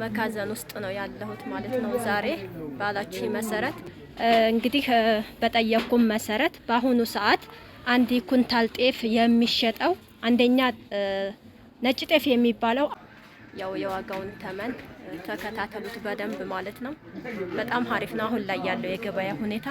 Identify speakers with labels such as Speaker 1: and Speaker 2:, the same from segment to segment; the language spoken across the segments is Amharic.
Speaker 1: መጋዘን ውስጥ ነው ያለሁት ማለት ነው። ዛሬ ባላችሁ መሰረት
Speaker 2: እንግዲህ በጠየኩም መሰረት በአሁኑ ሰዓት አንድ ኩንታል ጤፍ የሚሸጠው አንደኛ ነጭ ጤፍ የሚባለው
Speaker 1: ያው የዋጋውን ተመን ተከታተሉት በደንብ ማለት ነው። በጣም ሀሪፍ ነው አሁን ላይ ያለው የገበያ ሁኔታ።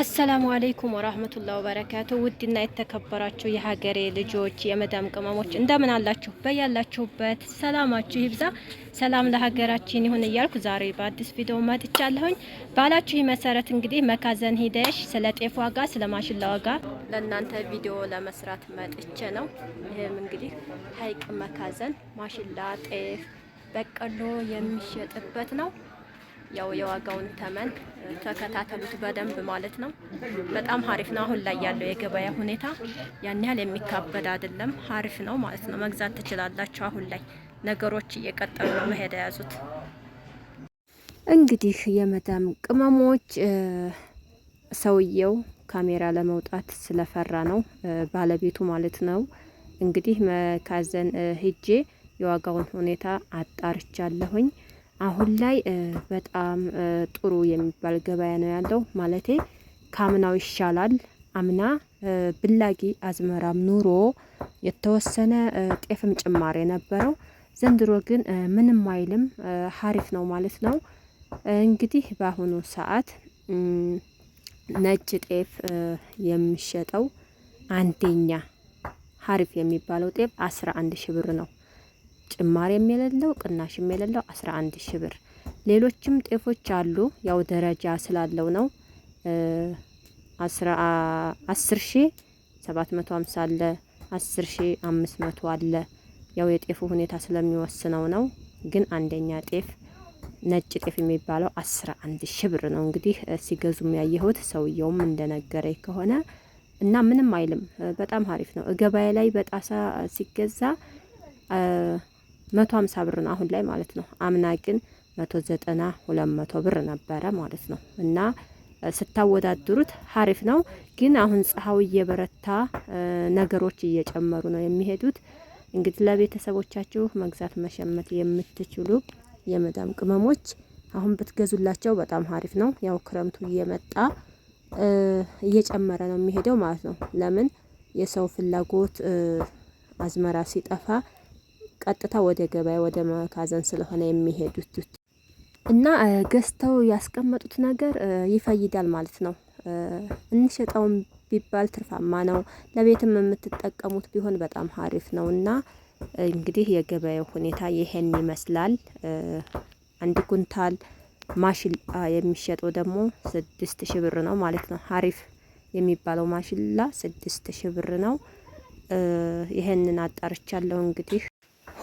Speaker 2: አሰላሙ አለይኩም ወራህመቱላሂ ወበረካቱ። ውድና የተከበራችሁ የሀገሬ ልጆች የመዳም ቅመሞች እንደምን አላችሁ? በያላችሁበት ሰላማችሁ ይብዛ፣ ሰላም ለሀገራችን ይሁን እያልኩ ዛሬ በአዲስ ቪዲዮ መጥቻለሁኝ። ባላችሁ መሰረት እንግዲህ መካዘን ሂደሽ ስለ ጤፍ ዋጋ፣ ስለ ማሽላ ዋጋ
Speaker 1: ለእናንተ ቪዲዮ ለመስራት መጥቼ ነው። ይህም እንግዲህ ሀይቅ መካዘን ማሽላ፣ ጤፍ፣ በቀሎ የሚሸጥበት ነው። ያው የዋጋውን ተመን ተከታተሉት በደንብ ማለት ነው። በጣም ሀሪፍ ነው። አሁን ላይ ያለው የገበያ ሁኔታ ያን ያህል የሚካበድ አይደለም። ሀሪፍ ነው ማለት ነው። መግዛት ትችላላችሁ። አሁን ላይ ነገሮች እየቀጠሉ ነው መሄድ የያዙት።
Speaker 2: እንግዲህ የመዳም ቅመሞች ሰውየው ካሜራ ለመውጣት ስለፈራ ነው ባለቤቱ ማለት ነው። እንግዲህ መካዘን ሂጄ የዋጋውን ሁኔታ አጣርቻለሁኝ። አሁን ላይ በጣም ጥሩ የሚባል ገበያ ነው ያለው። ማለቴ ካምናው ይሻላል። አምና ብላጊ አዝመራም ኑሮ የተወሰነ ጤፍም ጭማሪ የነበረው፣ ዘንድሮ ግን ምንም አይልም፣ ሀሪፍ ነው ማለት ነው። እንግዲህ በአሁኑ ሰዓት ነጭ ጤፍ የሚሸጠው አንደኛ ሀሪፍ የሚባለው ጤፍ አስራ አንድ ሺ ብር ነው። ጭማሪም የሌለው ቅናሽም የሌለው 11 ሺ ብር። ሌሎችም ጤፎች አሉ። ያው ደረጃ ስላለው ነው። 10 ሺ 750 አለ፣ 10 ሺ 500 አለ። ያው የጤፉ ሁኔታ ስለሚወስነው ነው። ግን አንደኛ ጤፍ ነጭ ጤፍ የሚባለው 11 ሺ ብር ነው። እንግዲህ ሲገዙም ያየሁት ሰውየውም እንደነገረ ከሆነ እና ምንም አይልም። በጣም አሪፍ ነው። ገበያ ላይ በጣሳ ሲገዛ መቶ ሀምሳ ብር ነው አሁን ላይ ማለት ነው። አምና ግን መቶ ዘጠና ሁለት መቶ ብር ነበረ ማለት ነው እና ስታወዳድሩት ሀሪፍ ነው። ግን አሁን ፀሐው እየበረታ ነገሮች እየጨመሩ ነው የሚሄዱት። እንግዲህ ለቤተሰቦቻችሁ መግዛት መሸመት የምትችሉ የመዳም ቅመሞች አሁን ብትገዙላቸው በጣም ሀሪፍ ነው። ያው ክረምቱ እየመጣ እየጨመረ ነው የሚሄደው ማለት ነው። ለምን የሰው ፍላጎት አዝመራ ሲጠፋ ቀጥታ ወደ ገበያ ወደ መካዘን ስለሆነ የሚሄዱት እና ገዝተው ያስቀመጡት ነገር ይፈይዳል ማለት ነው። እንሸጠውም ቢባል ትርፋማ ነው። ለቤትም የምትጠቀሙት ቢሆን በጣም ሀሪፍ ነው እና እንግዲህ የገበያው ሁኔታ ይሄን ይመስላል። አንድ ኩንታል ማሽላ የሚሸጠው ደግሞ ስድስት ሺ ብር ነው ማለት ነው። ሀሪፍ የሚባለው ማሽላ ስድስት ሺ ብር ነው። ይሄንን አጣርቻለሁ እንግዲህ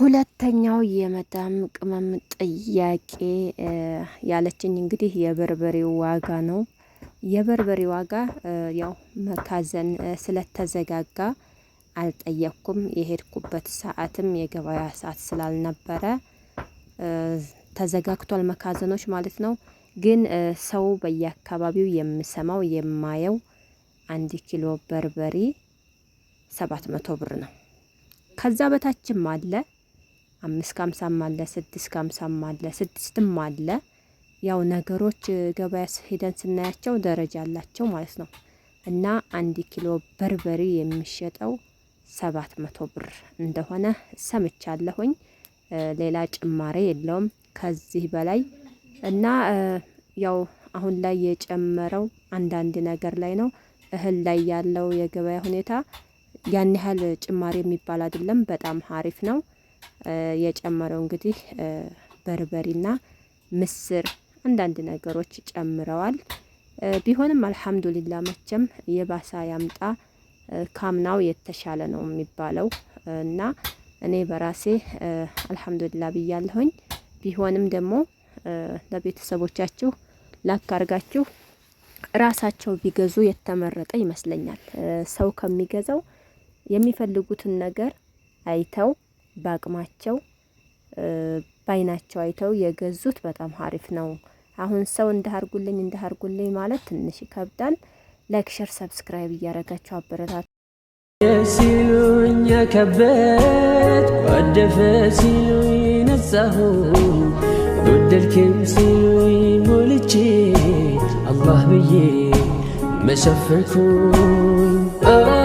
Speaker 2: ሁለተኛው የመዳም ቅመም ጥያቄ ያለችኝ እንግዲህ የበርበሬ ዋጋ ነው። የበርበሬ ዋጋ ያው መጋዘን ስለተዘጋጋ አልጠየቅኩም። የሄድኩበት ሰዓትም የገበያ ሰዓት ስላልነበረ ተዘጋግቷል፣ መጋዘኖች ማለት ነው። ግን ሰው በየአካባቢው የምሰማው የማየው አንድ ኪሎ በርበሬ ሰባት መቶ ብር ነው። ከዛ በታችም አለ አምስት ከአምሳም አለ ስድስት ከአምሳም አለ ስድስትም አለ። ያው ነገሮች ገበያ ሄደን ስናያቸው ደረጃ አላቸው ማለት ነው። እና አንድ ኪሎ በርበሬ የሚሸጠው ሰባት መቶ ብር እንደሆነ ሰምቻለሁኝ። ሌላ ጭማሬ የለውም ከዚህ በላይ እና ያው አሁን ላይ የጨመረው አንዳንድ ነገር ላይ ነው። እህል ላይ ያለው የገበያ ሁኔታ ያን ያህል ጭማሪ የሚባል አይደለም። በጣም አሪፍ ነው። የጨመረው እንግዲህ በርበሪና ምስር አንዳንድ ነገሮች ጨምረዋል። ቢሆንም አልሐምዱሊላ መቼም የባሳ ያምጣ ካምናው የተሻለ ነው የሚባለው እና እኔ በራሴ አልሐምዱሊላ ብያለሁኝ። ቢሆንም ደግሞ ለቤተሰቦቻችሁ ላካርጋችሁ ራሳቸው ቢገዙ የተመረጠ ይመስለኛል። ሰው ከሚገዛው የሚፈልጉትን ነገር አይተው በአቅማቸው በአይናቸው አይተው የገዙት በጣም ሀሪፍ ነው። አሁን ሰው እንዳርጉልኝ እንዳርጉልኝ ማለት ትንሽ ይከብዳል። ላይክ፣ ሸር፣ ሰብስክራይብ እያደረጋቸው አበረታቱ ሲሉኝ ከበት ወደፈ ሲሉኝ ነጻሁ ወደልክም ሲሉኝ ሞልቼ አላህ ብዬ መሰፈርኩኝ